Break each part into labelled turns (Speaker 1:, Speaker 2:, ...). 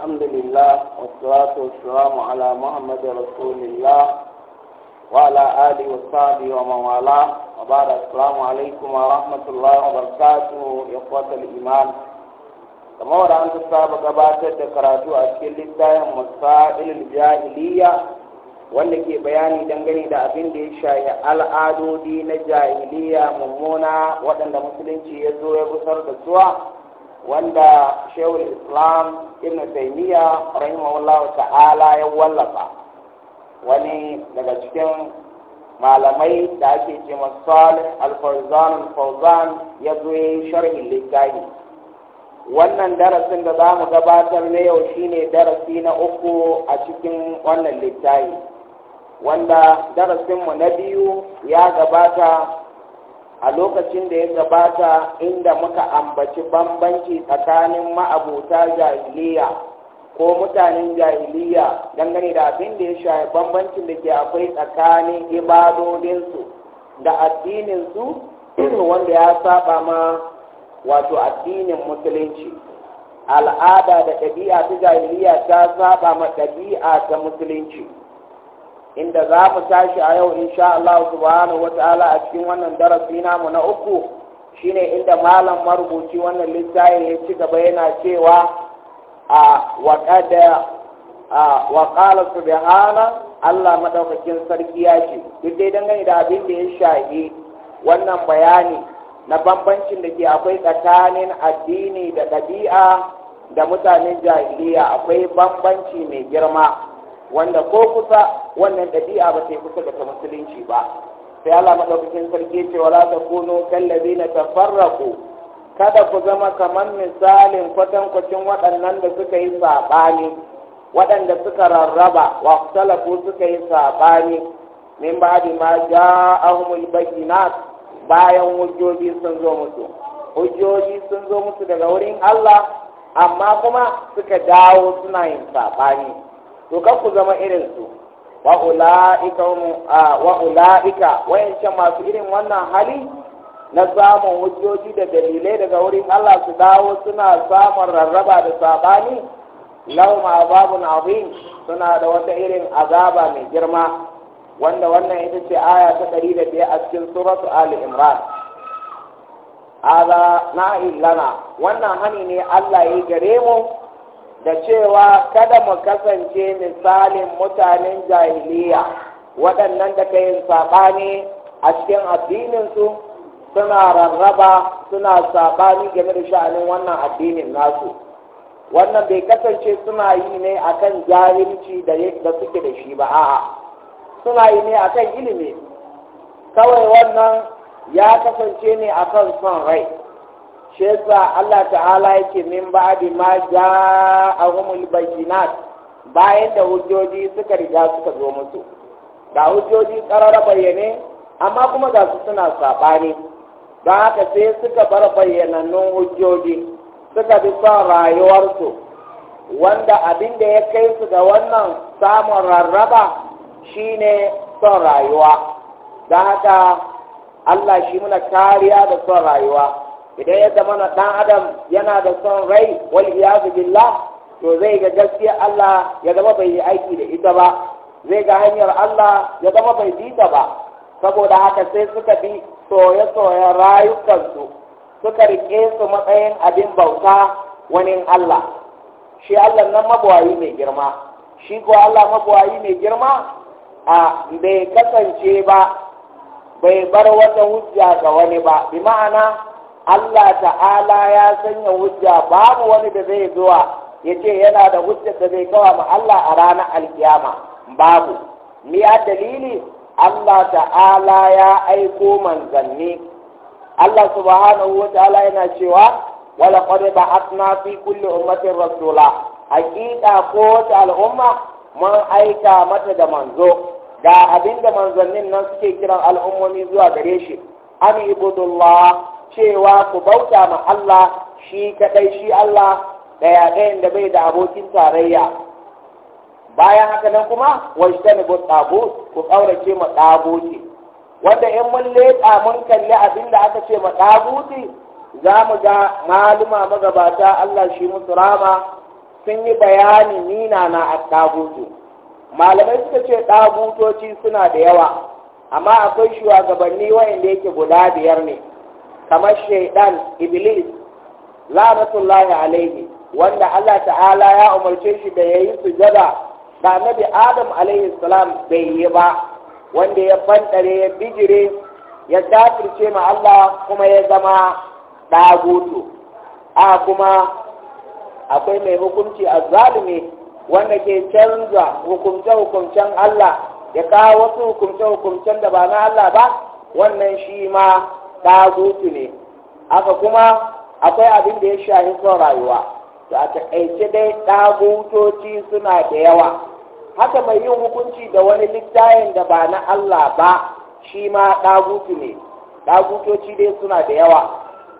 Speaker 1: الحمد لله والصلاة والسلام على محمد رسول الله وعلى آله وصحبه ومن والاه وبعد السلام عليكم ورحمة الله وبركاته إخوة الإيمان كما ورد أن gabatar da karatu a cikin littafin masailul jahiliya wanda ke bayani dangane da abin da ya shahi al'adodi na jahiliya mummuna waɗanda musulunci ya zo ya busar da wanda shehul islam ibn taymiya rahimahullahu ta'ala ya wallafa wani daga cikin malamai da ake ce salih al-fawzan al-fawzan ya zo yi sharhin littafi wannan darasin da za mu gabatar na yau shine darasi na uku a cikin wannan littafi wanda darasin mu na biyu ya gabata a lokacin da ya gabata inda muka ambaci bambanci tsakanin ma'abuta jahiliya ko mutanen jahiliya dangane da abin da ya shafi bambancin da ke akwai tsakanin ibadodinsu da addininsu wanda ya saba ma wato addinin musulunci al'ada da ɗabi'a ta jahiliya ta saba ma ɗabi'a ta musulunci inda za mu tashi a yau insha Allah subhanahu wata'ala a cikin wannan darasi namu na uku shine inda malam marubuci wannan littafi ya ci gaba yana cewa a waqada a waqala subhana Allah madaukakin sarki ya ce duk dai dangane da abin da ya shahi wannan bayani na bambancin da ke akwai tsakanin addini da ɗabi'a da mutanen jahiliya akwai bambanci mai girma wanda ko kusa wannan ɗabi'a ba yi kusa da ta musulunci ba sai Allah madaukakin sarki ce wala takunu na tafarraqu kada ku zama kamar misalin kwatankwacin waɗannan da suka yi saɓani waɗanda suka rarraba wa salafu suka yi saɓani min ba da ma ja'ahumul bayyinat bayan hujjoji sun zo musu hujjoji sun zo musu daga wurin Allah amma kuma suka dawo suna yin saɓani to ka ku zama irin su wa ula'ika wa ula'ika masu irin wannan hali na samun hujjoji da dalilai daga wurin Allah su dawo suna samun rarraba da sabani ma babu azim suna da wata irin azaba mai girma wanda wannan ita ce aya ta ɗari da biyar a cikin suratu Ali Imran ala na illana wannan hani ne Allah ya gare mu da cewa kada mu kasance misalin mutanen jahiliya waɗannan da kayin saɓani a cikin addininsu suna rarraba suna saɓani game da sha'anin wannan addinin nasu wannan bai kasance suna yi ne a kan jahilci da suke da shi ba a'a suna yi ne a kan ilimi kawai wannan ya kasance ne a kan son rai shi yasa Allah ta'ala yake min ba'di ma ja'ahumul bayyinat bayan da hujjoji suka riga suka zo musu ga hujjoji karara bayyane amma kuma ga su suna saɓani don haka sai suka bar bayyanannun hujjoji suka bi son rayuwarsu wanda abin da ya kai su ga wannan samun rarraba shine son rayuwa don haka Allah shi muna kariya da son rayuwa idan ya zama na ɗan adam yana da son rai wal iyazu billah to zai ga gaskiya Allah ya zama bai yi aiki da ita ba zai ga hanyar Allah ya zama bai bi ta ba saboda haka sai suka bi soye-soyen rayukansu suka rike su matsayin abin bauta wani Allah shi Allah nan mabuwayi mai girma shi ko Allah mabuwayi mai girma a bai kasance ba bai bar wata hujja ga wani ba bi ma'ana Allah ta'ala ya sanya hujja babu wani da zai zuwa ya ce yana da hujjar da zai kawo ma Allah a ranar alkiyama babu miya dalili Allah ta'ala ya aiko manzanni Allah subhanahu wa ta'ala yana cewa wala qad ba'athna fi kulli ummatin rasula hakika ko ta al'umma mun aika mata da manzo ga abinda manzannin nan suke kiran al'ummomi zuwa gare shi an ibudullah cewa ku bauta ma Allah shi kadai shi Allah daya ɗayan da bai da abokin tarayya bayan haka nan kuma wajtani bu tsago ku kaurace ma tsagoci wanda in mun leƙa mun kalli abin da aka ce ma tsagoci za mu ga maluma magabata Allah shi musu rama sun yi bayani nina na a tsagoci malamai suka ce ɗabutoci suna da yawa amma akwai shugabanni wa'inda yake guda biyar ne kamar shaidan iblis la'natullahi alaihi wanda Allah ta'ala ya umarce shi da yayi sujada da annabi Adam alaihi salam bai yi ba wanda ya fantare ya bijire ya dafirce ma Allah kuma ya zama dagutu a kuma akwai mai hukunci a zalimi wanda ke canza hukumce-hukumcen Allah ya kawo wasu hukumce-hukumcen da ba na Allah ba wannan shi ma ɗagutu ne aka kuma akwai abin da ya shahi son rayuwa to a takaice dai ɗagutoci suna da yawa haka mai yin hukunci da wani littayin da ba na Allah ba shi ma ɗagutu ne ɗagutoci dai suna da yawa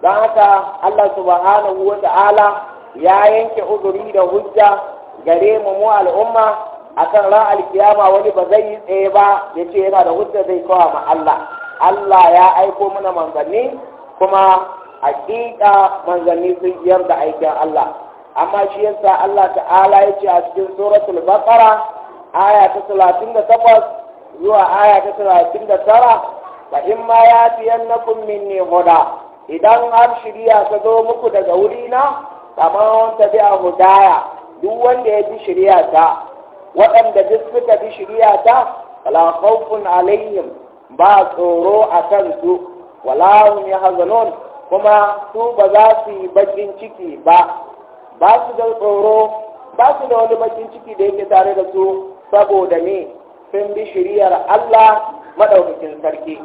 Speaker 1: don haka Allah subhanahu wa ta'ala ya yanke uzuri da hujja gare mu mu al'umma akan ran alkiyama wani ba zai yi tsaye ba ya ce yana da hujja zai kawo ma Allah Allah ya aiko mana manzanni kuma haƙiƙa manzanni sun yar da aikin Allah amma shi yasa Allah ta'ala ya ce a cikin suratul baqara aya ta 38 zuwa aya ta 39 fa in ma yatiyannakum minni huda idan har shiriya ta zo muku daga wurina kamar wanda bi a hudaya duk wanda ya bi shiriya ta waɗanda duk suka bi shiriya ta fala khawfun alaihim ba tsoro a kansu walahun ya hazanon kuma su ba za su yi bakin ciki ba ba su da tsoro ba su da wani bakin ciki da yake tare da su saboda ne sun bi shiriyar Allah maɗaukakin sarki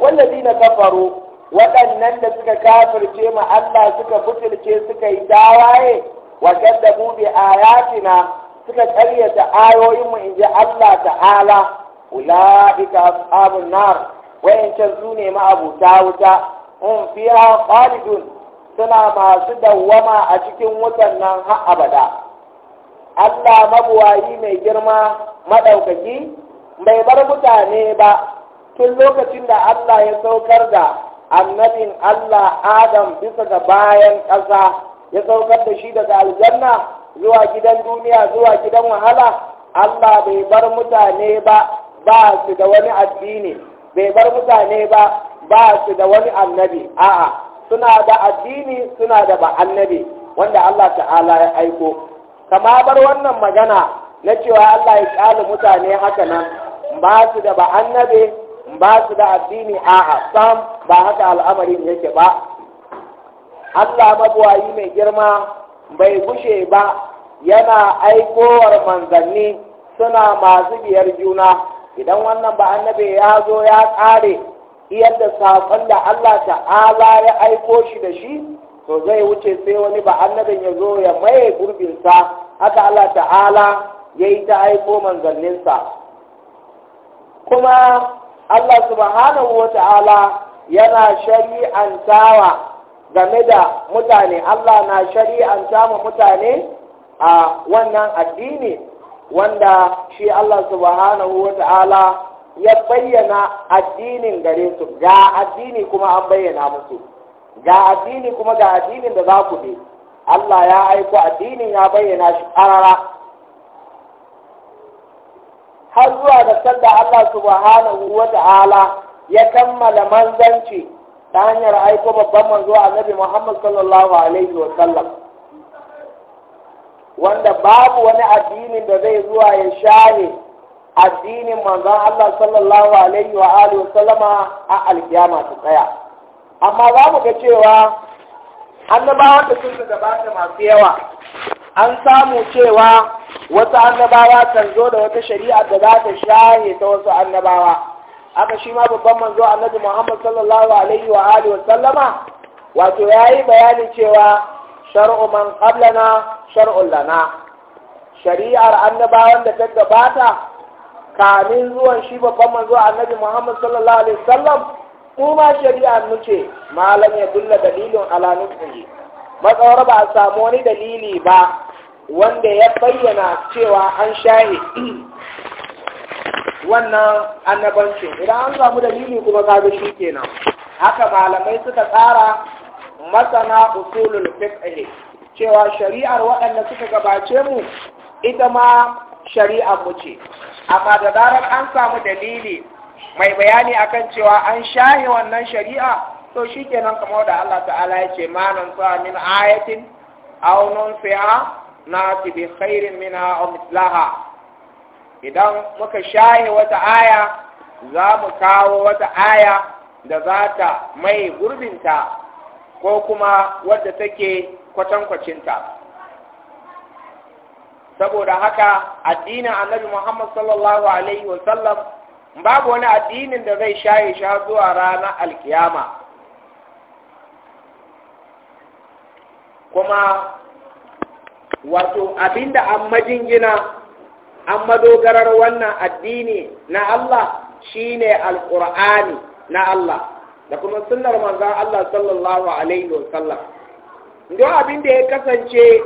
Speaker 1: wallazi na kafaru waɗannan da suka kafirce ma Allah suka fitilce suka yi tawaye wa kaddabu bi ayatina suka ƙaryata ayoyinmu in ji Allah ta'ala ulaika ashabun nar wayancan su ne ma'abuta wuta hum fiha khalidun suna masu dawwama a cikin wutan nan har abada Allah mabuwayi mai girma maɗaukaki bai bar mutane ba tun lokacin da Allah ya saukar da annabin Allah Adam bisa ga bayan ƙasa ya saukar da shi daga aljanna zuwa gidan duniya zuwa gidan wahala Allah bai bar mutane ba ba su da wani addini bai bar mutane ba ba su da wani annabi a'a suna da addini suna da ba annabi wanda Allah ta'ala ya aiko kama bar wannan magana na cewa Allah ya kyale mutane haka nan ba su da ba annabi ba su da addini a'a sam ba haka al'amarin yake ba Allah mabuwayi mai girma bai gushe ba yana aikowar manzanni suna masu biyar juna idan wannan ba annabi ya zo ya kare, iyar da saƙon da Allah ta'ala ya aiko shi da shi to zai wuce sai wani ba annabin ya zo ya maye sa, haka Allah ta'ala ya yi ta aiko manzanninsa kuma Allah subhanahu wa ta'ala yana shari'antawa game da mutane Allah na shari'anta mutane a wannan addini
Speaker 2: wanda
Speaker 1: shi Allah subhanahu wa ta'ala ya bayyana addinin gare su ga addini kuma an bayyana musu ga addini kuma ga addinin da za ku bi Allah ya aiko addinin ya bayyana shi ƙarara har zuwa da sanda Allah subhanahu wa ta'ala ya kammala manzanci ta hanyar aiko babban manzo annabi Muhammad sallallahu alaihi wa sallam wanda babu wani addinin da zai zuwa ya shahe addinin manzon Allah sallallahu alaihi wa alihi wa sallama a alkiyama ta tsaya amma za mu ga cewa annabawa da sun gabata masu yawa an samu cewa wasu annabawa kan zo da wata shari'a da za ta shahe ta wasu annabawa aka shi ma babban manzo annabi Muhammad sallallahu alaihi wa alihi wa sallama wato yayi bayanin cewa shar'u man qablana shar'un lana shari'ar annabawan da ta gabata kamin zuwan shi babban manzo annabi Muhammad sallallahu alaihi wasallam kuma shari'ar mu ce malam ya dulla dalilin ala nutsi matsawar ba a samu wani dalili ba wanda ya bayyana cewa an shahi wannan annabancin idan an samu dalili kuma kaga shi kenan haka malamai suka tsara masana usulul fiqh cewa shari'ar waɗanda suka gabace mu ita ma shari'a mu ce amma da zarar an samu dalili mai bayani akan cewa an shahe wannan shari'a to shikenan kamar da Allah ta'ala ya ce manan sa min ayatin aw na ti bi khairin minha aw mislaha idan muka shaye wata aya za mu kawo wata aya da za ta mai gurbinta ko kuma wadda take kwatankwacinta saboda haka addinin annabi muhammad sallallahu alaihi wasallam babu wani addinin da zai shaye shi har zuwa ranar alkiyama kuma wato abinda an majingina an madogarar wannan addini na Allah shine Alkur'ani na Allah da kuma sunnar manzan Allah sallallahu alaihi wasallam don abin da ya kasance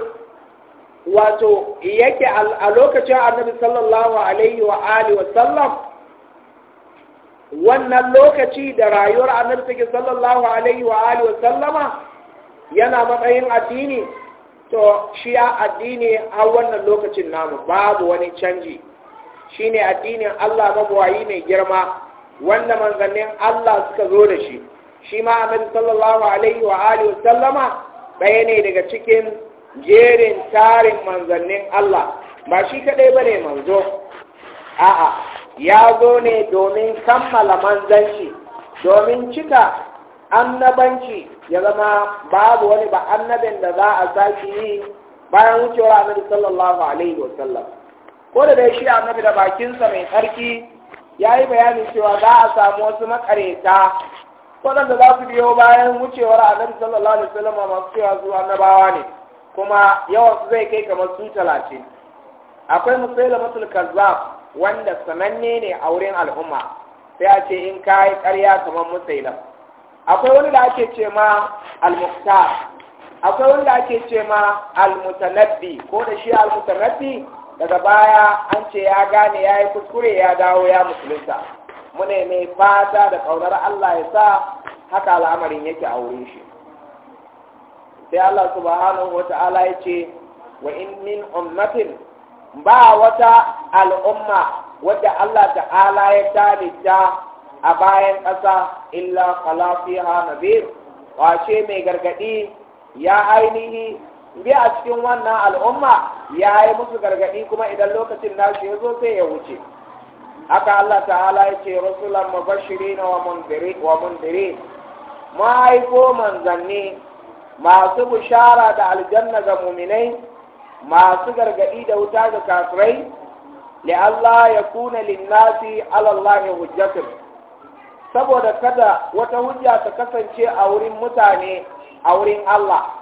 Speaker 1: wato yake a lokacin annabi sallallahu alaihi wa alihi wasallam wannan lokaci da rayuwar annabi take sallallahu alaihi wa alihi wasallama yana matsayin addini to shi ya addini a wannan lokacin namu babu wani canji shine addinin Allah mabuwayi mai girma wanda manzannin Allah suka zo da shi shi ma annabi sallallahu alaihi wa alihi sallama ɗaya ne daga cikin jerin tarin manzannin Allah ba shi kadai ne manzo a'a ya zo ne domin kammala manzanci domin cika annabanci ya zama babu wani ba annabin da za a sake yi bayan wucewar annabi sallallahu alaihi wa sallam ko da dai shi annabi da bakinsa mai tsarki ya yi bayanin cewa za a samu wasu makareta waɗanda za su biyo bayan wucewar annabi sallallahu alaihi wasallam masu cewa su annabawa ne kuma yawan su zai kai kamar su talatin akwai masu kazzab wanda sananne ne a wurin al'umma sai a ce in kayi karya kamar musailam akwai wani da ake ce ma al akwai wani da ake ce ma al ko da shi al-mutanabbi daga baya an ce ya gane ya yi kuskure ya dawo ya musulunta mune mai fata da ƙaunar Allah ya sa haka al'amarin yake a wurin shi sai Allah subhanahu ta'ala ya ce wa in min ummatin ba wata al'umma wadda Allah ta'ala ya tarita a bayan ƙasa illa qala nabir wace mai gargadi ya ainihi bi a cikin wannan al'umma ya yi musu gargadi kuma idan lokacin nashi ya zo sai ya wuce haka Allah ta'ala ya ce rasulan mubashirin wa mundiri wa mundiri ma'aiko manzanni masu bushara da aljanna ga muminai masu gargaɗi da wuta ga kafirai li'alla yakuna lin-nasi 'ala Allah hujjatun saboda kada wata hujja ta kasance a wurin mutane a wurin Allah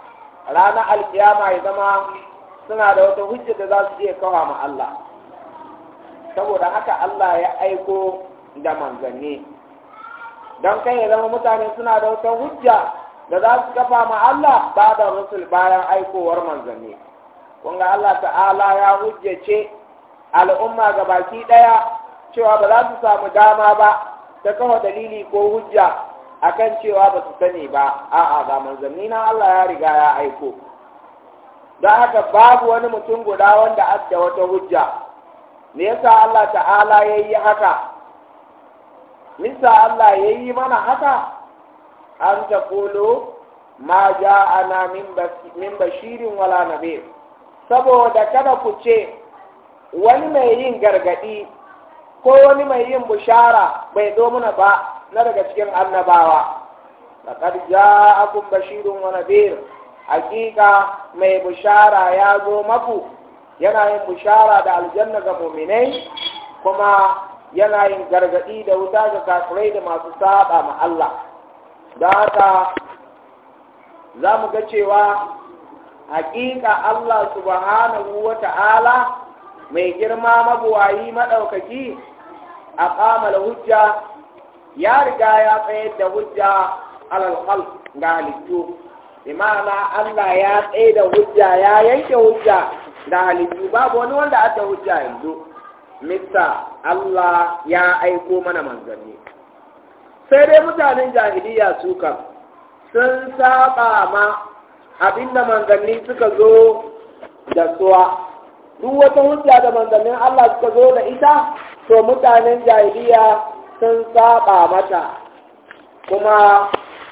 Speaker 1: ranar alkiyama ya zama suna da wata hujja da za su iya kawo ma Allah saboda haka Allah ya aiko da manzanni don kai ya zama mutane suna da wata hujja da za su kafa ma Allah ba da rusul bayan aikowar manzanni kun Allah ta'ala ya hujjace al'umma ga baki ɗaya cewa ba za su samu dama ba ta kawo dalili ko hujja akan cewa ba su sani ba a'a ga manzanni na Allah ya riga ya aiko da haka babu wani mutum guda wanda adda wata hujja me yasa Allah ta'ala yayi yi haka yasa Allah ya mana haka an ta kolo ma ja'ana min bashirin wala nadir saboda kada ku ce wani mai yin gargadi ko wani mai yin bushara bai zo mana ba na daga cikin annabawa laqad ja'akum bashirun wa nadhir hakika mai bushara ya zo maku yana yin bushara da aljanna ga mu'minai kuma yana yin gargadi da wuta ga kafirai da masu saba ma Allah da haka za mu ga cewa hakika Allah subhanahu wa ta'ala mai girma mabuwayi maɗaukaki a ƙamala hujja ya riga ya tsayar da hujja alal khalq ga halittu imana Allah ya tsaye da hujja ya yanke hujja da halittu babu wani wanda aka hujja yanzu mista Allah ya aiko mana manzanni sai dai mutanen jahiliya su kan sun saba ma abinda manzanni suka zo da suwa duk wata hujja da manzannin Allah suka zo da ita to mutanen jahiliya sun saba mata kuma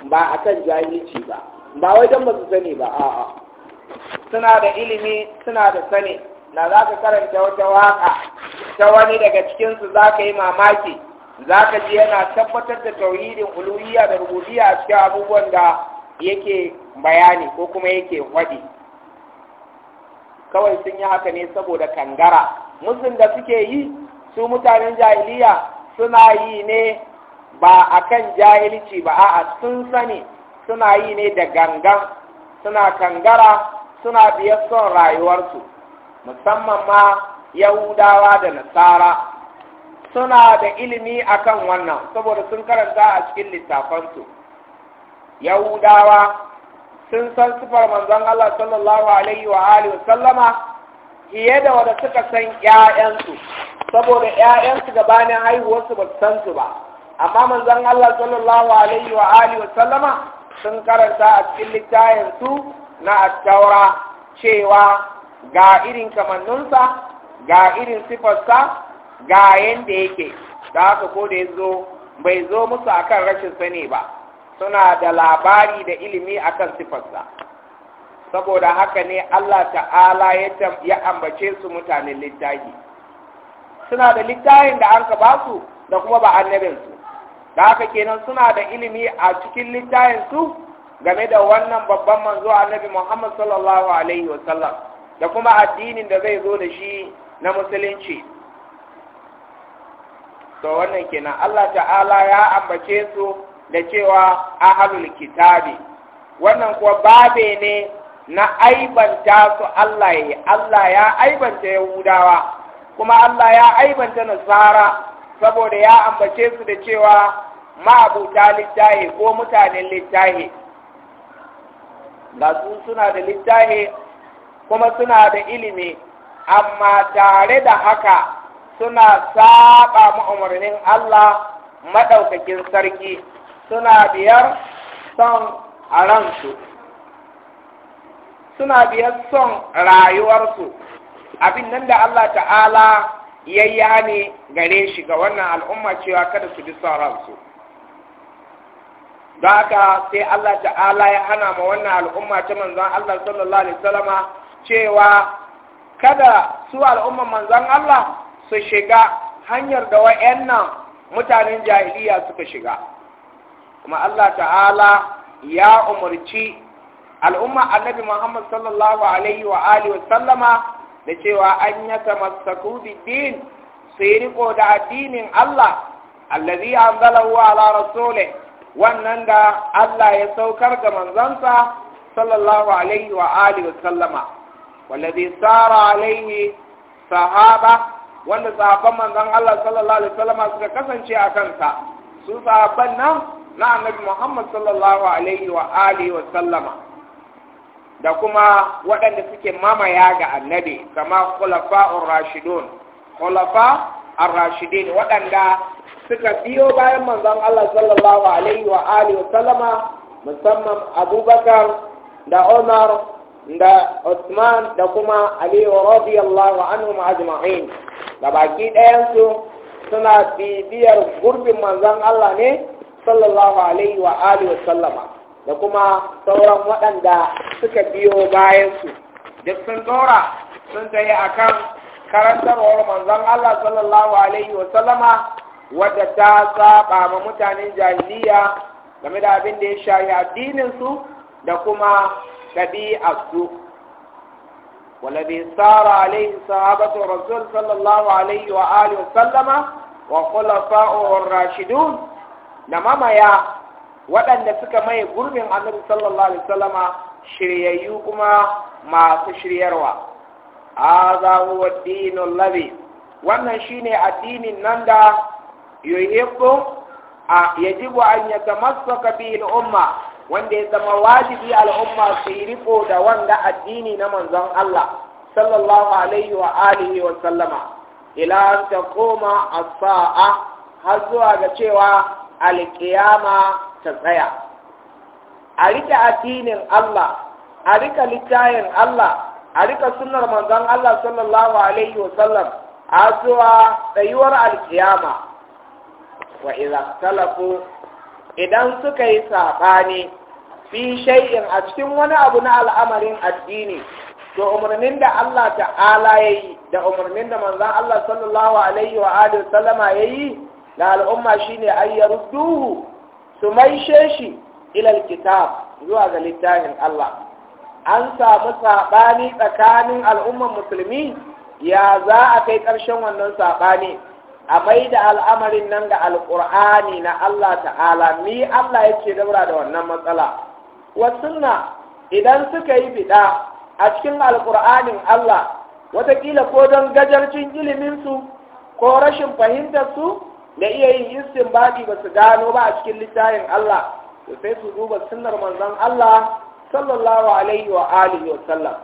Speaker 1: ba a kan jahilci ba ba wai don ba su sani ba a'a suna da ilimi suna da sani na za ka karanta wata waka ta wani daga cikinsu za ka yi mamaki za ka ji yana tabbatar da tauhidin uluhiyya da rububiyya a cikin abubuwan da yake bayani ko kuma yake waɗi kawai sun yi haka ne saboda kangara musun da suke yi su mutanen jahiliya suna yi ne ba a kan jahilci ba a'a sun sani suna yi ne da gangan suna kangara suna biyar son rayuwarsu musamman ma yahudawa da nasara suna da ilimi akan wannan saboda sun karanta a cikin littafansu yahudawa sun san sifar manzon Allah sallallahu alaihi wa alihi sallama fiye da wanda suka san ‘ya'yansu, saboda ‘ya'yansu gabanin haihuwarsu ba san su ba, amma manzon Allah sallallahu Alaihi wa Alihi wa sallama sun karanta a cikin littayensu na attaura cewa ga irin kamanninsa, ga irin sifarsa, ga yanda yake, da haka ko da yazo bai zo musu akan rashin sani ba, suna da labari da ilimi akan sifarsa. saboda haka ne Allah ta'ala ya ambace su mutanen littafi suna da littafin da an ba su da kuma ba annabinsu da haka kenan suna da ilimi a cikin littafinsu game da wannan babban manzo annabi Muhammad sallallahu alaihi wasallam da kuma addinin da zai zo da shi na musulunci to wannan kenan Allah ta'ala ya ambace su da cewa ahlul kitabi wannan kuwa babe ne na aibanta su Allah ya Allah ya aibanta Yahudawa kuma Allah ya aibanta Nasara saboda ya ambace su da cewa ma'abuta littahi ko mutanen littahi lasu suna da littahi kuma suna da ilimi amma tare da haka suna saba ma'umarnin Allah maɗaukakin sarki suna biyar son a ransu suna biyar son rayuwarsu abin nan da Allah ta'ala yayya ne gare shi ga wannan al'umma cewa kada su bi son ransu don haka sai Allah ta'ala ya hana ma wannan al'umma ta manzan Allah sallallahu alaihi wasallama cewa kada su al'umman manzan Allah su shiga hanyar da wa'annan mutanen jahiliya suka shiga kuma Allah ta'ala ya umarci al'umma annabi Muhammad sallallahu alaihi wa alihi wa sallama da cewa an ya tamassaku biddin din sai riko da addinin Allah allazi anzalahu ala rasulih wannan da Allah ya saukar ga manzansa sallallahu alaihi wa alihi wa sallama wallazi sara alaihi sahaba wanda sahabban manzon Allah sallallahu alaihi wa sallama suka kasance a kansa su sahabban nan na annabi Muhammad sallallahu alaihi wa alihi wa sallama da kuma waɗanda suke mamaya ga annabi kama khulafa'ur rashidun khulafa ar-rashidin waɗanda suka biyo bayan manzon Allah sallallahu alaihi wa alihi wa sallama musamman Abubakar da Umar da Usman da kuma Ali radiyallahu anhum ajma'in da baki ɗayan su suna bibiyar gurbin manzon Allah ne sallallahu alaihi wa alihi wa sallama da kuma sauran waɗanda suka biyo bayansu duk sun dora sun tsaye a kan karantarwar manzon Allah sallallahu alaihi wa sallama wadda ta saba ma mutanen jahiliya game da abin da ya addinin addininsu da kuma ɗabi'arsu والذي سار عليه صحابة الرسول صلى الله عليه wa kula وخلفاؤه Rashidun na mamaya waɗanda suka maye gurbin annabi sallallahu alaihi wasallama shiryayyu kuma masu shiryarwa hadha huwa dinul ladhi wannan shine addinin nan da yuhibbu a yajibu an yatamassaka umma wanda ya zama wajibi al'umma su yi riko da wanda addini na manzon Allah sallallahu alaihi wa alihi wa sallama ila ta koma a saa har zuwa ga cewa alƙiyama ta tsaya a rike addinin Allah a rike littayin Allah a rike sunnar manzon Allah sallallahu alaihi wa sallam a zuwa tsayuwar alkiyama wa idza talafu idan suka yi sabani fi shay'in a cikin wani abu na al'amarin addini to umarnin da Allah ta'ala yayi da umarnin da manzon Allah sallallahu alaihi wa alihi sallama yayi da al'umma shine ayyarudduhu su maishe shi ilal kitab zuwa ga littafin Allah an samu saɓani tsakanin al'umman musulmi ya za a kai ƙarshen wannan saɓani a mai da al'amarin nan ga alƙur'ani na Allah ta'ala ni Allah ya ce daura da wannan matsala wasunna idan suka yi fida a cikin alƙur'anin Allah wataƙila ko don gajarcin iliminsu ko rashin fahimtar su da iya yin istinbadi ba su gano ba a cikin littafin Allah da sai su duba sunnar manzon Allah sallallahu alaihi wa alihi wa sallam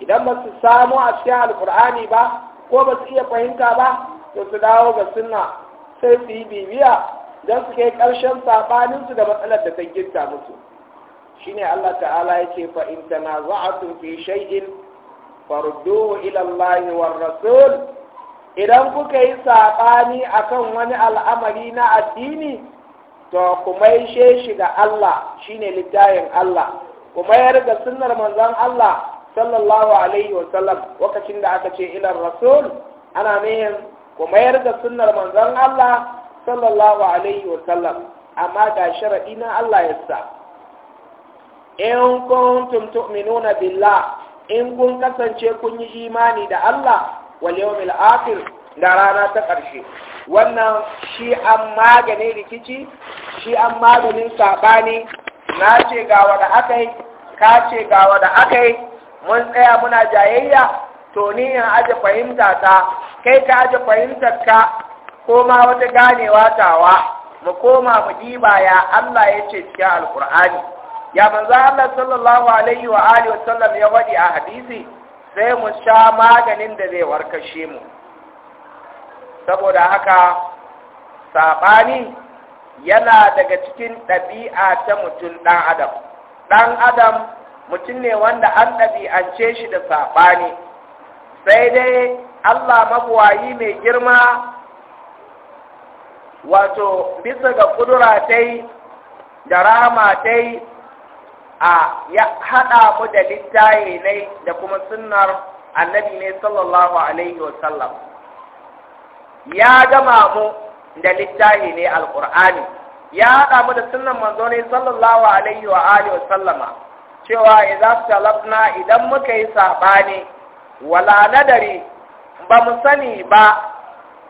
Speaker 1: idan ba su samu a cikin alqur'ani ba ko ba su iya fahimta ba to su dawo ga sunna sai su yi bibiya dan su kai ƙarshen saɓaninsu da matsalar da ta ginta musu shine Allah ta'ala yake fa in tanaza'tu fi shay'in farudduhu ila Allah war rasul idan kuka yi saɓani akan wani al'amari na addini to kuma ishe shi ga Allah shine littayin Allah kuma yar da sunnar manzon Allah sallallahu alaihi wa sallam lokacin da aka ce ila rasul ana nihin kuma yar da sunnar manzon Allah sallallahu alaihi wa sallam amma ga sharadi na Allah ya sa in kuntum tu'minuna billah in kun kasance kun yi imani da Allah wal yawmil akhir da rana ta ƙarshe wannan shi an maganin rikici shi an maganin saɓani na ce ga wada aka yi ka ce ga wada aka yi mun tsaya muna jayayya to ni in aje fahimta ta kai ka aje fahimtar ka ko ma wata ganewa tawa mu koma mu diba ya Allah ya ce cikin alkur'ani ya manzo Allah sallallahu alaihi wa alihi wa sallam ya wadi a hadisi sai mu sha maganin da zai warkashe mu saboda haka saɓani yana daga cikin ɗabi'a ta mutum ɗan adam ɗan adam mutum ne wanda an ɗabi'ance shi da saɓani sai dai allah mabuwayi mai girma wato bisa ga ƙudura tai da rama tai a ya haɗa mu da littaye ne da kuma sunnar annabi ne sallallahu alaihi wasallam ya gama mu da littahi ne alqur'ani ya haɗa mu da sunnan manzo ne sallallahu alaihi wa alihi wa cewa idza salabna idan muka yi sabani wala nadari ba mu sani ba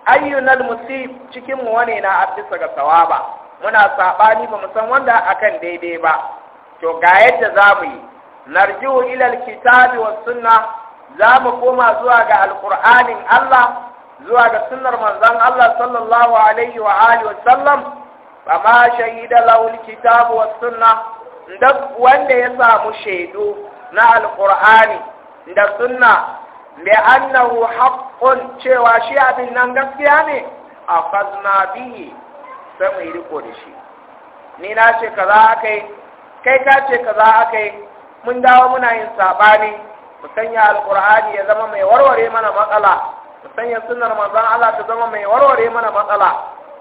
Speaker 1: ayyunal musib cikin mu wane na abisa ga sawaba muna sabani ba mu san wanda akan daidai ba to ga yadda mu yi narju ila alkitabi was Za mu koma zuwa ga alqur'anin Allah zuwa ga sunnar manzon Allah sallallahu alaihi wa alihi wa sallam ba ma shahida lahul kitabu wa sunna duk wanda ya samu shaidu na alqur'ani da sunna bi annahu haqqun cewa shi abin nan gaskiya ne akhadna bihi sai mu riko da shi ni na ce kaza akai kai ka ce kaza akai mun dawo muna yin sabani mu sanya alqur'ani ya zama mai warware mana matsala sanya sunnar manzon Allah ta zama mai warware mana matsala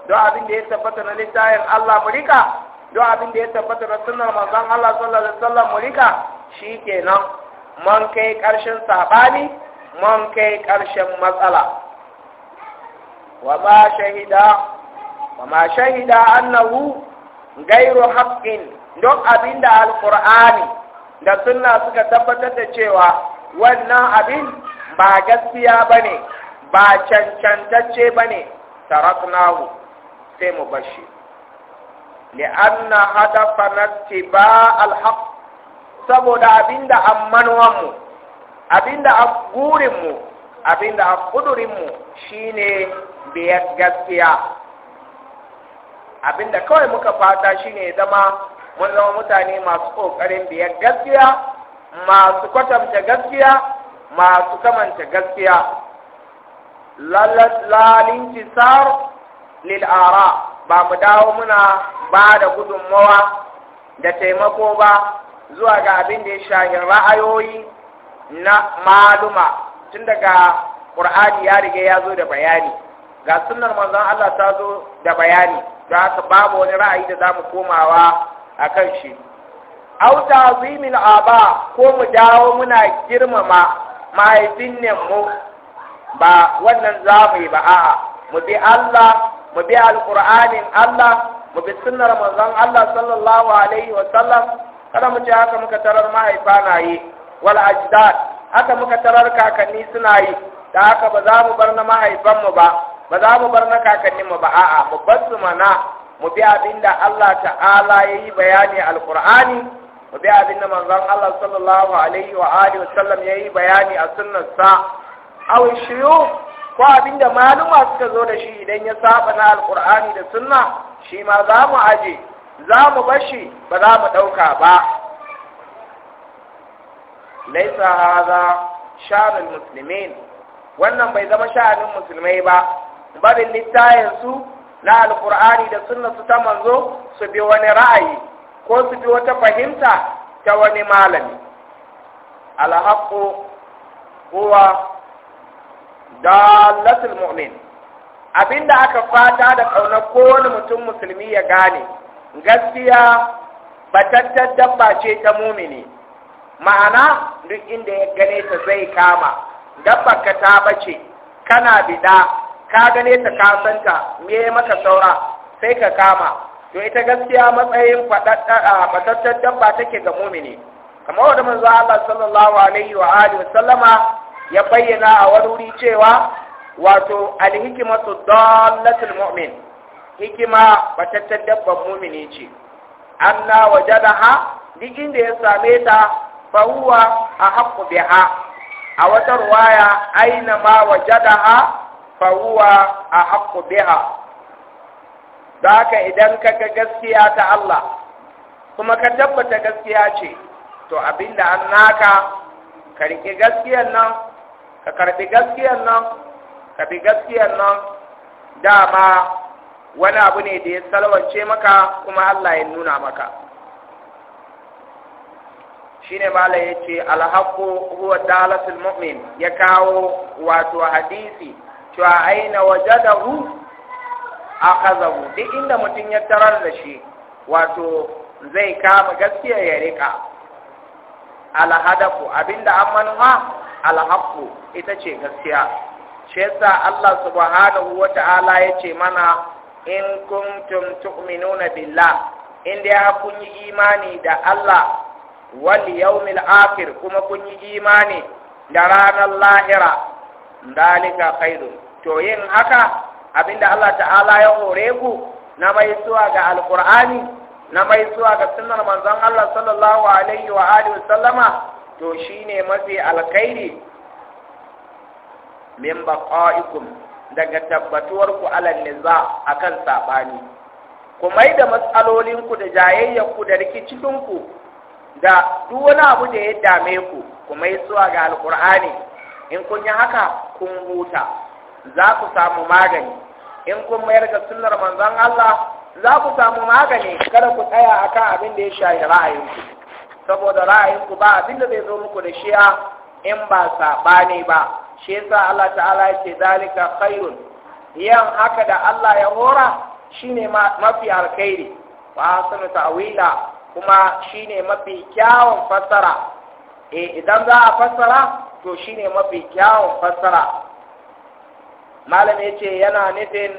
Speaker 1: don abin da ya tabbata na littafin Allah murika don abin da ya tabbata na sunnar manzon Allah sallallahu alaihi wasallam shi ke shikenan man kai karshen sabani man kai karshen matsala wa ma shahida wa ma shahida annahu gairu haqqin don abin da alqur'ani da sunna suka tabbatar da cewa wannan abin ba gaskiya bane ba cancantacce ba ne taraknahu sai mu bashi li'anna hadafa na ba alhaq saboda abinda ammanuwanmu abinda an gurinmu abinda an kudurinmu shine biyar gaskiya abinda kawai muka fata shi shine zama mun zama mutane masu ƙoƙarin biyar gaskiya masu kwatanta gaskiya masu kamanta gaskiya lalintisar lil'ara ba mu dawo muna ba da gudunmawa da taimako ba zuwa ga abin da ya shahin ra'ayoyi na maluma tun daga ƙur'ani ya riga ya zo da bayani ga sunan manzon Allah ta zo da bayani da haka babu wani ra'ayi da za mu komawa a kan shi au tazimin aba ko mu dawo muna girmama mahaifin mu ba wannan za mu yi ba a'a mu bi Allah mu bi alqur'anin Allah mu bi sunnar manzon Allah sallallahu alaihi wa sallam kada mu ce haka muka tarar mahaifa na yi wal ajdad haka muka tarar kakanni suna yi da haka ba za mu bar na mahaifanmu ba ba za mu bar na kakanninmu ba a'a mu bar su mana mu bi abinda Allah ta'ala ya yi bayani alqur'ani mu bi abinda manzon Allah sallallahu alaihi wa alihi wa sallam ya yi bayani a sunnarsa
Speaker 2: awai shiyo
Speaker 1: ko abinda malama suka zo da shi idan ya saba na alqur'ani da sunna shi ma za mu aje za mu bashi ba za mu dauka ba laisa haza sha'anul muslimin wannan bai zama sha'anin musulmai ba barin littayin su na alqur'ani da sunna su ta manzo su bi wani ra'ayi ko su bi wata fahimta ta wani malami alhaqqu huwa dalatul mu'min abinda aka fata da kauna kowane mutum musulmi ya gane gaskiya batattar dabba ce ta mumini ma'ana duk inda ya gane ta zai kama dabba ka ta bace kana bida ka gane ta kasanta me maka saura sai ka kama to ita gaskiya matsayin batattar dabba take ga mumini kamar wanda manzo Allah sallallahu alaihi wa alihi wa sallama ya bayyana a wani cewa wato alhikimatu dallatul mu'min hikima batattar dabban mumini ce anna wajadaha duk da ya same ta fa huwa haqqu biha a wata ruwaya aina ma wajadaha fa huwa haqqu biha daka haka idan ka ga gaskiya ta Allah kuma ka tabbata gaskiya ce to abinda an naka ka rike gaskiyar nan ka karbi gaskiyar nan ka bi gaskiyar nan dama wani abu ne da ya salwance maka kuma Allah ya nuna maka shine ya ce alhaqu huwa dalatul mu'min ya kawo wato hadisi cewa aina wajadahu akhazahu duk inda mutum ya tarar da shi wato zai kama gaskiya ya rika alhadafu abinda an manuwa alhaqqu ita ce gaskiya shi yasa Allah subhanahu wata'ala yace mana in kuntum tu'minuna billah in dai kun yi imani da Allah wal yawmil akhir kuma kun yi imani da ranar lahira dalika khairu to yin haka abinda Allah ta'ala ya hore ku na mai zuwa ga alqur'ani na mai zuwa ga sunnar manzon Allah sallallahu alaihi wa alihi sallama to shi ne mafi alkhairi min baqa'ikum daga tabbatuwar ku alal niza akan saɓani? ku mai da matsalolinku da jayayyarku da rikicin ku da duk wani abu da ya dame ku ku mai zuwa ga Alƙur'ani. in kun yi haka kun huta za ku samu magani in kun mayar ga sunar manzon Allah za ku samu magani kada ku tsaya a kan abin da ya shahi ra'ayinku saboda ra'ayinku ba abin da zai zo muku da shi'a in ba saɓani ba shi yasa Allah ta'ala ya ce zalika khairun yan haka da Allah ya hora shine mafi alkhairi wa sunu ta'wila kuma shine mafi kyawun fassara eh idan za a fassara to shine mafi kyawun fassara malam yace yana nufin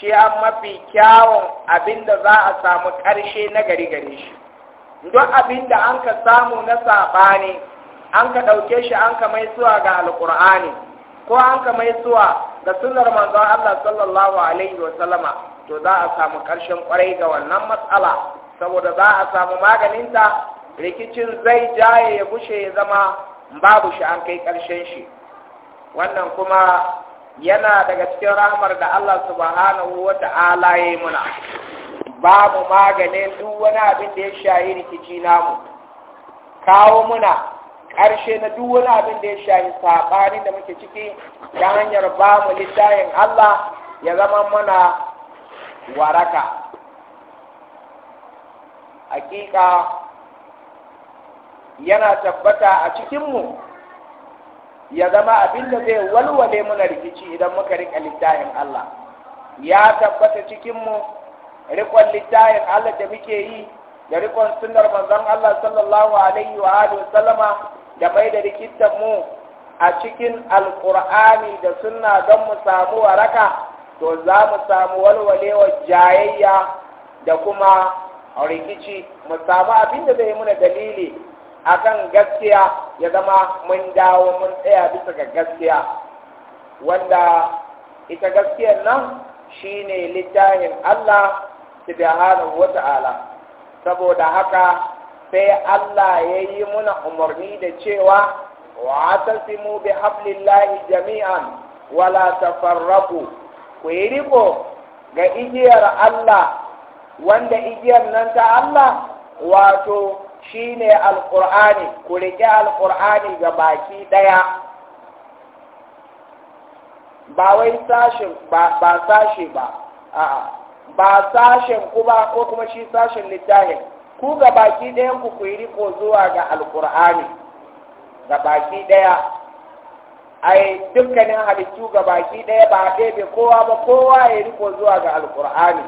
Speaker 1: shi an mafi kyawun abinda za a samu ƙarshe na gari gare shi duk abin da an ka samu na saɓani an ka ɗauke shi an ka mai suwa ga alƙur'ani ko an ka mai suwa ga sunar manzon Allah sallallahu alaihi wa sallama to za a samu karshen kwarai ga wannan matsala saboda za a samu maganinta rikicin zai jaye ya bushe ya zama babu shi an kai ƙarshen shi wannan kuma yana daga cikin rahmar da Allah subhanahu wa ta'ala ya yi muna babu maganin duk wani abin da ya shayi rikici namu kawo muna ƙarshe na duk wani abin da ya shayi saɓani da muke ciki ta hanyar ba mu littayin Allah ya zama mana waraka hakika yana tabbata a cikinmu ya zama abin da zai walwale muna rikici idan muka rika littayin Allah ya tabbata cikinmu rikon littafin Allah da muke yi da rikon sunnar manzon Allah sallallahu alaihi wa alihi sallama da mai da rikitan mu a cikin alqur'ani da sunna don mu samu waraka to za mu samu walwalewar jayayya da kuma rikici mu samu abin da zai muna dalili akan gaskiya ya zama mun dawo mun tsaya bisa ga gaskiya wanda ita gaskiyar nan shine littafin Allah subhanahu wata'ala saboda haka sai Allah ya yi muna umarni da cewa wa atasimu bi hablillahi jami'an wala tafarraqu ku yi riko ga igiyar Allah wanda igiyar nan ta Allah wato shine alqur'ani ku riƙe alqur'ani ga baki ɗaya. ba wai sashin ba sashi ba a'a ba sashen ku ba ko kuma shi sashen littafin ku ga baki ɗayan ku ku yi riko zuwa ga alkur'ani ga baki ɗaya ai dukkanin halittu ga baki ɗaya ba ɗaya kowa ba kowa ya riko zuwa ga alkur'ani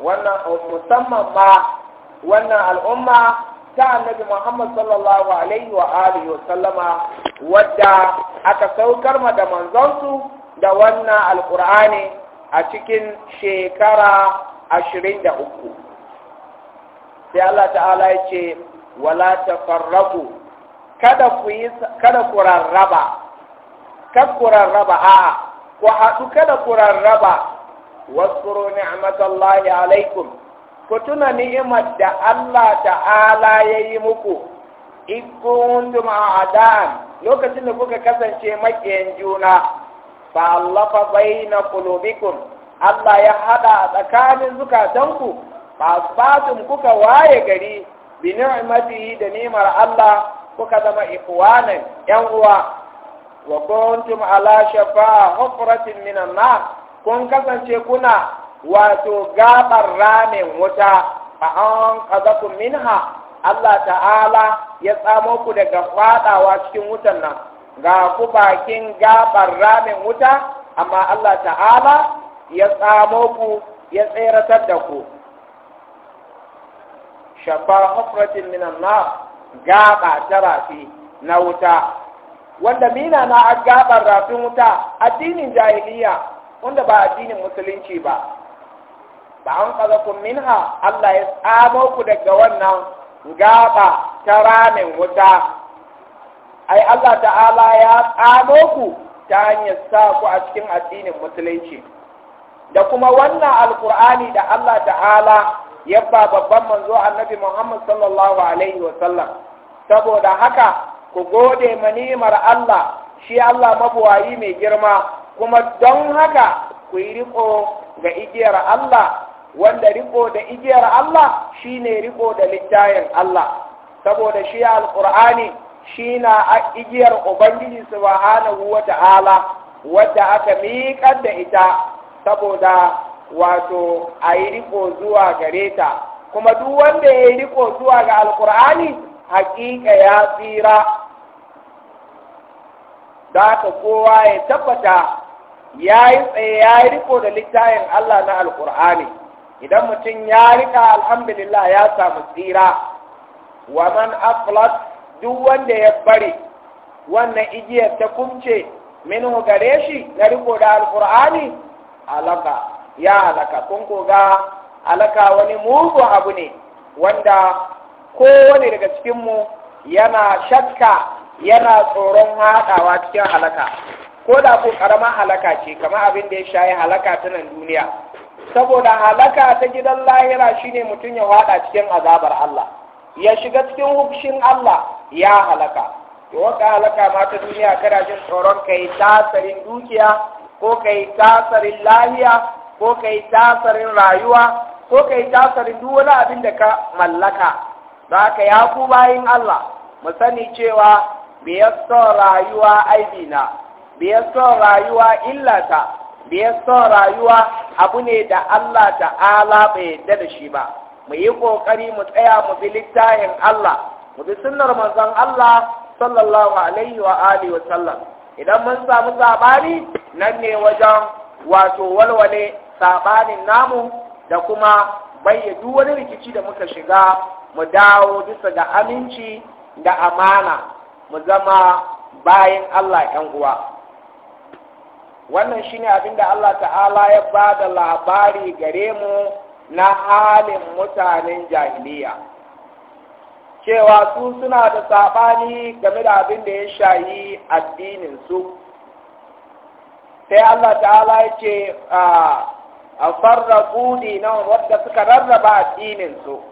Speaker 1: wannan musamman ma wannan al'umma ta annabi Muhammad sallallahu alaihi wa alihi wa sallama wadda aka saukar ma da manzonsu da wannan alkur'ani a cikin shekara ashirin da uku sai Allah ta'ala ya ce wala ta kada ku kada ku rarraba kada ku rarraba a'a ku haɗu kada ku rarraba waskuru ni'matallahi alaikum ku tuna ni'imar da Allah ta'ala ya yi muku ikun duma a lokacin da kuka kasance maƙiyan juna fa'allafa baina qulubikum Allah ya hada tsakanin zukatanku fasbatun kuka waye gari bi ni'matihi da nimar Allah kuka zama ikhwanan yan uwa wa kuntum ala shafa hufratin minan nar kun kasance kuna wato gabar ramin wuta fa an qadakum minha Allah ta'ala ya tsamo ku daga fadawa cikin wutan nan ga ku bakin gabar ramin wuta amma Allah ta'ala ya tsamo ku ya tseratar da ku shafa hafratin minan na gaba ta rafi na wuta wanda mina na a gabar rafin wuta addinin jahiliya wanda ba addinin musulunci ba ba an kazakun minha Allah ya tsamo ku daga wannan gaba ta ramin wuta ai Allah ta'ala ya tsamo ku ta hanyar sa ku a cikin addinin musulunci da kuma wannan alkur'ani da Allah ta'ala ya ba babban manzo annabi Muhammad sallallahu alaihi wa sallam saboda haka ku gode manimar Allah shi Allah mabuwayi mai girma kuma don haka ku yi riko ga igiyar Allah wanda riko da igiyar Allah shine riko da littayin Allah saboda shi alkur'ani shi na igiyar ubangiji subhanahu wa ta'ala wadda aka miƙar da ita saboda wato a yi riko zuwa gare ta kuma duk wanda ya yi riko zuwa ga alkur'ani hakika ya tsira da ka kowa ya tabbata ya yi tsaye ya yi riko da littayin Allah na alkur'ani idan mutum ya rika alhamdulillah ya samu tsira wa man aflat duk wanda ya bari wannan igiyar ta kumce minhu gare shi na riko da alkur'ani alaka ya alaka kun ko ga alaka wani mugu abu ne wanda kowane daga cikinmu yana shakka yana tsoron haɗawa cikin halaka ko da ku ƙarama halaka ce kama abin da ya shayi halaka ta nan duniya saboda halaka ta gidan lahira shine mutum ya haɗa cikin azabar Allah ya shiga cikin hukushin Allah ya halaka wata halaka ma ta duniya kana jin tsoron kai tasarin dukiya ko kai tasarin lahiya ko kai tasarin rayuwa ko kai tasarin duk wani abin da ka mallaka Za ka ya ku bayin Allah mu sani cewa biyar son rayuwa aibina biyar son rayuwa illata biyar son rayuwa abu ne da Allah ta'ala bai yadda da shi ba mu yi ƙoƙari mu tsaya mu bi littafin Allah mu bi sunnar manzon Allah sallallahu alaihi wa alihi wa sallam idan mun samu sabani nan ne wajen wato walwale sabanin namu da kuma bayyana duk wani rikici da muka shiga mu dawo bisa ga aminci da amana mu zama bayan Allah ‘yan uwa. Wannan shine abinda abin da Allah ta'ala ya ba da labari gare mu na halin mutanen jahiliya cewa su suna da saɓani game da abin da ya shayi addininsu. sai Allah ta'ala ya ce a farraku dinan wadda suka rarraba addininsu. su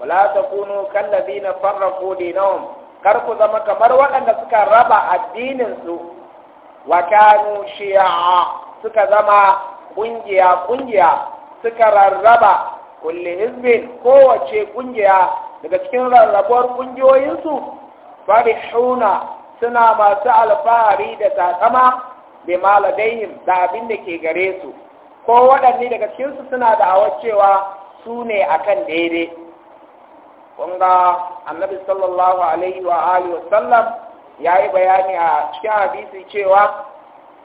Speaker 1: wala ta kunu kallabi na farraku dinan kar ku zama kamar waɗanda suka raba addininsu. su wa kanu shi'a suka zama ƙungiya ƙungiya suka rarraba kulle hizbin kowace kungiya daga cikin rarrabuwar kungiyoyinsu farihuna suna masu alfahari da takama da maladayin da abin da ke gare su ko waɗanne daga cikinsu suna da cewa su ne akan daidai Kunga annabi sallallahu alaihi wa alihi wasallam ya yi bayani a cikin hadisi cewa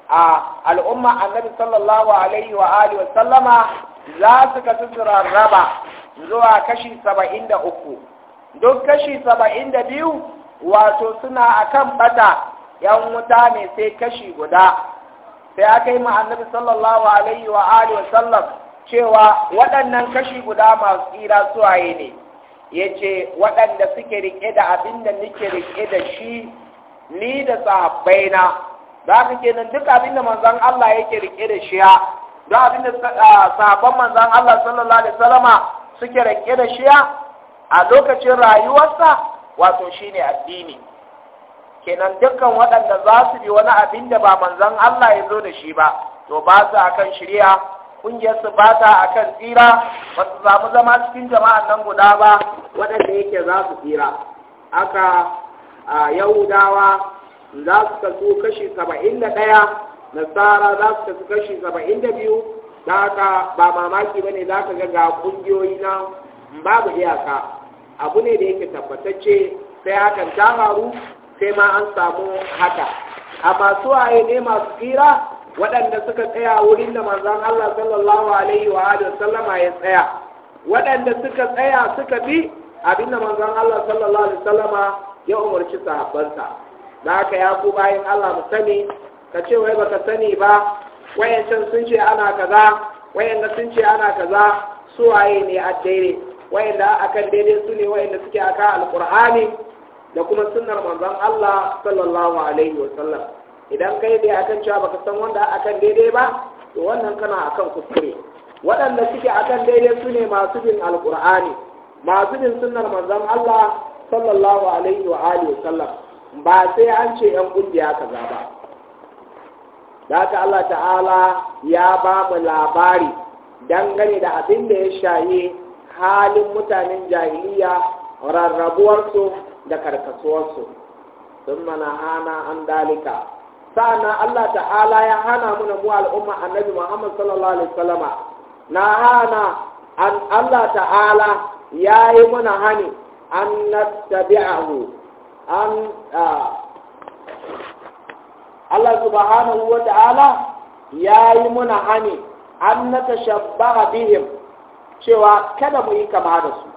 Speaker 1: a al'umma annabi sallallahu alaihi wa alihi wasallama za su kasu su rarraba zuwa kashi saba'in da uku duk kashi saba'in da biyu wato suna akan bata yan wuta ne sai kashi guda sai aka yi annabi sallallahu alaihi wa alihi cewa waɗannan kashi guda masu tsira suwaye ne ya ce waɗanda suke riƙe da abin da nike riƙe da shi ni da sahabbaina za ka kenan duk abin da manzon Allah yake riƙe da shi ya don abin da ah, sabon manzan Allah sallallahu alaihi wasallama suke rake da shiya a lokacin rayuwarsa wato shine addini kenan dukkan waɗanda za su bi wani abin da ba manzan Allah ya zo da shi ba to ba su akan shirya ƙungiyar su ba ta kan tsira ba su samu zama cikin jama'a nan guda ba waɗanda yake za su tsira aka ah, yahudawa za su kasu kashi saba'in da ɗaya nasara za su tafi kashi saba'in da biyu da haka ba mamaki ba ne za ka ga ƙungiyoyi na babu iyaka abu ne da yake tabbatacce sai hakan ta faru sai ma an samu haka amma su waye ne masu kira? waɗanda suka tsaya wurin da manzon Allah sallallahu alaihi wa alihi sallama ya tsaya waɗanda suka tsaya suka bi abin da manzon Allah sallallahu alaihi sallama ya umarci sahabbansa da haka ya ku bayan Allah musani ka ce wai baka sani ba wayancan sun ce ana kaza wayanda sun ce ana kaza su waye ne a daidai wayanda akan daidai su ne wayanda suke aka alqur'ani da kuma sunnar manzon Allah sallallahu alaihi wasallam idan kai dai akan cewa baka san wanda akan daidai ba to wannan kana akan kuskure waɗanda suke akan daidai su ne masu bin alqur'ani masu bin sunnar manzon Allah sallallahu alaihi wa alihi wasallam ba sai an ce yan kungiya kaza ba da haka Allah ta'ala ya ba mu labari dangane da abin da ya shaye halin mutanen jahiliya rarrabuwarsu da karkasuwarsu sun mana hana an dalika sa'ana Allah ta'ala ya hana muna mu al'umma annabi Muhammad sallallahu alaihi wasallama na hana an Allah ta'ala yayi yi muna hani an nattabi'ahu an ah, Allah subhanahu wa ta'ala ya yi muna hani an na tashabbaha bihim cewa kada mu yi kama da su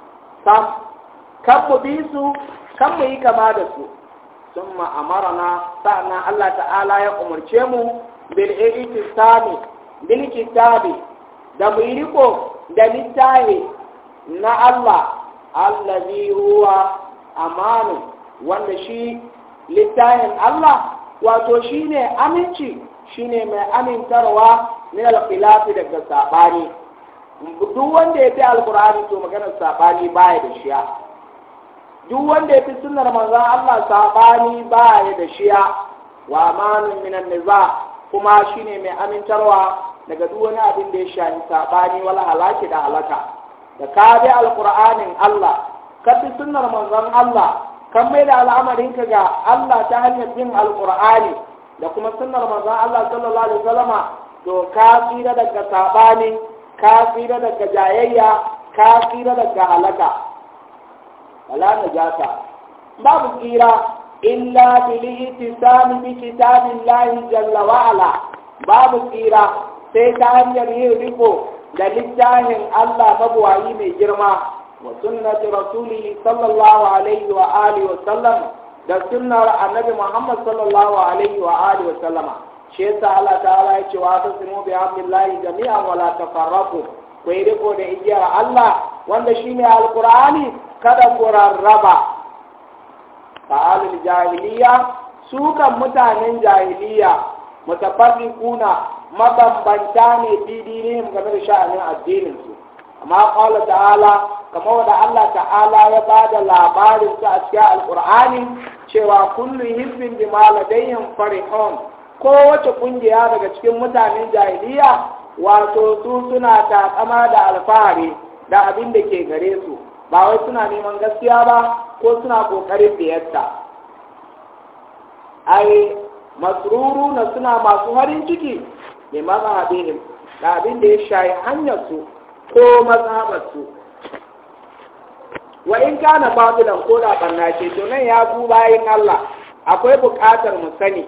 Speaker 1: sam kan mu bi su kan mu yi kama da su sun ma'amarana sa'annan Allah ta'ala ya umarce mu bil ikitami da mu yi riko da littahi na Allah allazi huwa amanu wanda shi littahin Allah wato shine aminci shine mai amintarwa min alkhilafi daga sabani duk wanda ya fi alkur'ani to maganar sabani baya da shiya duk wanda ya fi sunnar manzon Allah sabani baya da shiya wa amanun minan niza kuma shine mai amintarwa daga duk wani abin da ya shafi sabani wala halaki da halaka da ka bi alkur'anin Allah ka bi sunnar manzon Allah kan mai da al'amarinka ga Allah ta hanyar bin alƙur'ani da kuma sunnar manzon Allah sallallahu alaihi wasallama to ka tsira daga sabani ka tsira daga jayayya ka tsira daga halaka wala najata babu tsira illa bil ihtisami bi kitabillahi jalla wa ala babu tsira sai ta hanyar yin riko da littafin Allah babu wayi mai girma وسنة رسوله صلى الله عليه wa وسلم da sunnar annabi Muhammad sallallahu alaihi wa alihi wa sallama shi yasa Allah ta'ala ya ce wa tasmu bi amrillahi jami'an wala la tafarraqu ku da igiyar Allah wanda shine alqur'ani kada ku rarraba fa'alul jahiliya su kan mutanen jahiliya kuna mabambanta ne bidinihim game da sha'anin addinin su amma qala ta'ala kamar wanda Allah ta'ala ya ba da labarin su a cikin alkur'ani cewa kullu hizbin bima ladayhim farihun kowace kungiya daga cikin mutanen jahiliya wato su suna takama da alfahari da abin da ke gare su ba wai suna neman gaskiya ba ko suna kokarin biyarta ai masruru na suna masu harin ciki ne mazhabihim da abin da ya shayi hanyar su ko mazhabar su wa in kana babilan ko da barna ce to nan ya ku bayin Allah akwai buƙatar mu sani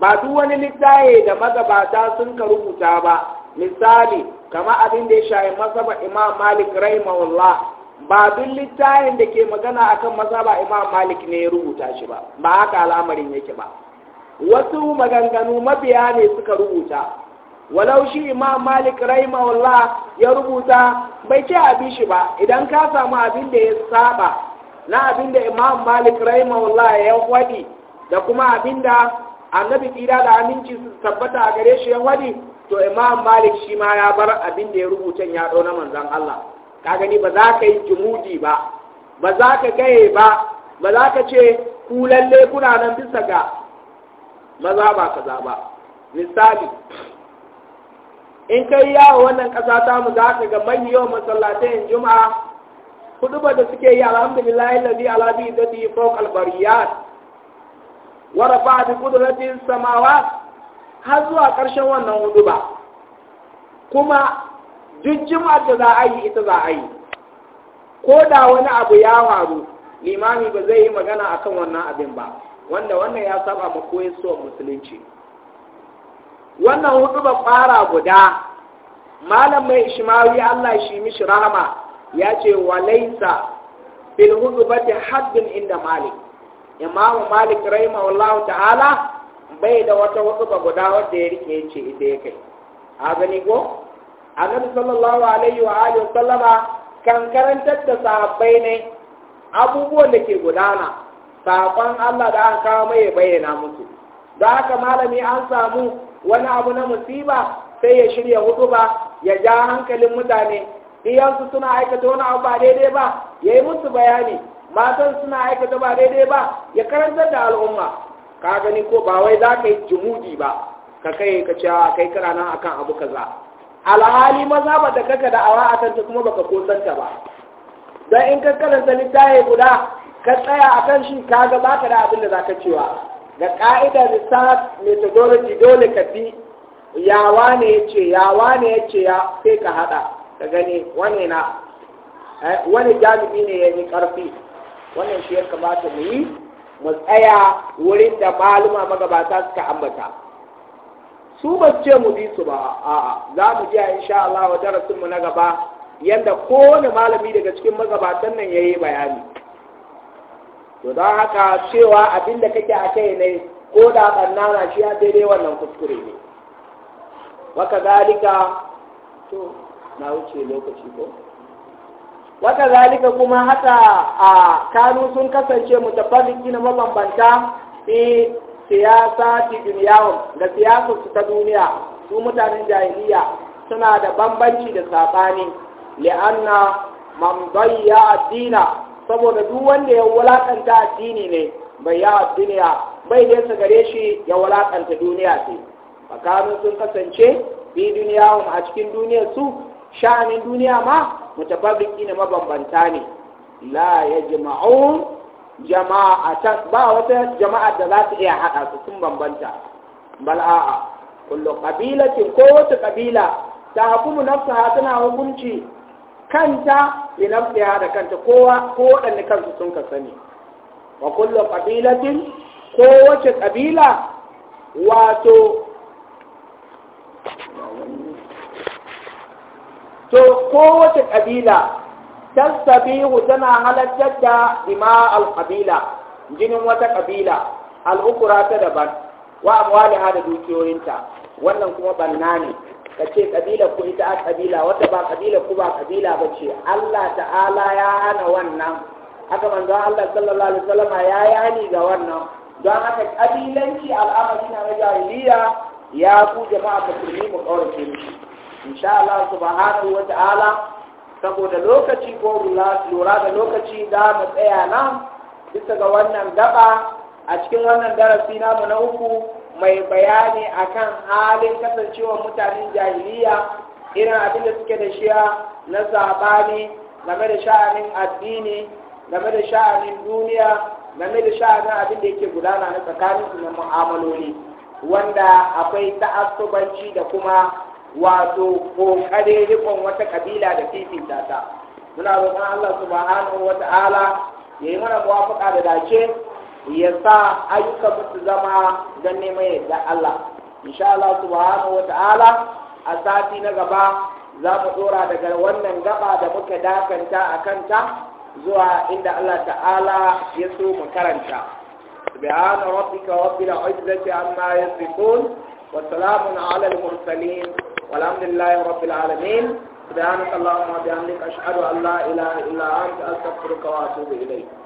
Speaker 1: ba duk wani littaye da magabata sun ka rubuta ba misali kama abin da ya shayi mazhaba imam malik rahimahullah ba duk littafin da ke magana akan mazhaba imam malik ne ya rubuta shi ba ba haka al'amarin yake ba wasu maganganu mabiya ne suka rubuta walau shi imam malik rahimahullah ya rubuta bai ce abi shi ba idan ka samu abin da ya saba na abin da imam malik rahimahullah ya wadi da kuma abin da annabi tsira da aminci su tabbata a gare shi ya wadi to imam malik shi ma ya bar abin da ya rubuta ya dau na manzan Allah ka gani ba za ka yi jimudi ba ba za ka gaye ba ba za ka ce ku lalle kuna nan bisa ga maza ba ba misali in ka yi yawo wannan ƙasa ta mu za ka ga mai yawan masallatai juma'a hudu ba da suke yi alhamdulillah alladhi ala bi dadi fawq albariyat wa rafa'a bi qudrati samawa? har zuwa ƙarshen wannan hudu ba kuma duk juma'a da za a yi ita za a yi ko da wani abu ya faru limami ba zai yi magana akan wannan abin ba wanda wannan ya saba ma koyar musulunci wannan hudu ba fara guda malam mai ishmawi Allah shi mishi rahama ya ce wa laisa fil ta haddun inda malik imamu malik rahimahullahu ta'ala bai da wata ba guda wanda ya rike ce ita ya kai a gani ko annabi sallallahu alaihi wa alihi sallama kan karantar da sahabbai ne abubuwan da ke gudana sakon Allah da aka kawo mai bayyana musu da haka malami an samu wani abu na musiba sai ya shirya hudu ba ya ja hankalin mutane iyansu suna aikata wani abu ba daidai ba ya yi musu bayani matan suna aikata ba daidai ba ya karantar da al'umma ka gani ko ba wai za ka yi jumudi ba ka kai ka ce kai kana nan akan abu kaza alhali maza ba ta kaka da awa akan ta kuma baka kosanta ba Don in ka karanta littafi guda ka tsaya akan shi ka gaba ka da abin da za ka cewa ga ka'idar research methodology dole ka bi yawa ne ya ce yawa ne ya ce ya sai ka haɗa ka gani wane na eh, wani jami'i ne ya yi karfi wannan shi ya kamata mu yi mu tsaya wurin da maluma magabata suka ambata su ba ce mu bi su ba 'a za mu ji insha Allah wa darasin mu na gaba yadda kowane malami daga cikin magabatan nan ya yi bayani to don haka cewa abin da kake a kai ne ko da ɓanna na shi ya daidai wannan kuskure ne waka zalika to na wuce lokaci ko waka zalika kuma haka a kanu sun kasance mutafarriki na mabambanta fi siyasa ti duniyawun da su ta duniya su mutanen jahiliya suna da bambanci da saɓani li'anna man bayya addina saboda duk wanda ya wulakanta addini ne bai ya duniya bai da gare shi ya wulakanta duniya ce makamin sun kasance bi duniya a cikin duniyar su sha'anin duniya ma mutafarriki ne mabambanta ne la yajma'un jama'atan ba wata jama'a da za su iya haɗa su sun bambanta bal a'a kullu qabilatin ko wata qabila ta hukumu nafsaha tana hukunci kanta linafsiha da kanta kowa ko waɗanne kansu sun ka sani wa kullu qabilatin ko wato to kowace ƙabila, kabila tasabihu tana halattar da ima al ƙabila jinin wata ƙabila al ta daban wa amwaliha da dukiyoyinta wannan kuma banna ne ka ce kabila ku ita a kabila wata ba kabila ku ba kabila ba ce Allah ta'ala ya hana wannan haka manzo Allah sallallahu alaihi wasallam ya yani ga wannan don haka kabilanci al'amari na jahiliya ya ku jama'a musulmi mu kaurace mishi insha Allah subhanahu wa ta'ala saboda lokaci ko lura da lokaci da mu tsaya nan bisa ga wannan daɓa, a cikin wannan darasi namu na uku mai bayani akan halin kasancewar mutanen jahiliya irin abin da suke da shiya na zaɓani game da sha'anin addini game da sha'anin duniya game da sha'anin abin da yake gudana na tsakaninsu na mu'amaloli wanda akwai ta'assubanci da kuma wato kokare rikon wata kabila da fifita ta muna roƙon Allah subhanahu wa ta'ala ya yi mana muwafaƙa da dace Yasa sa musu zama don neman yadda Allah insha Allah subhanahu wa ta'ala a sati na gaba za mu dora daga wannan gaba da muka dakanta a kanta zuwa inda Allah ta'ala ya so mu karanta سبحان amma رب العزة عما يصفون وسلام على المرسلين والحمد alamin رب العالمين سبحانك اللهم وبحمدك أشهد أن لا إله Anta أنت أستغفرك وأتوب إليك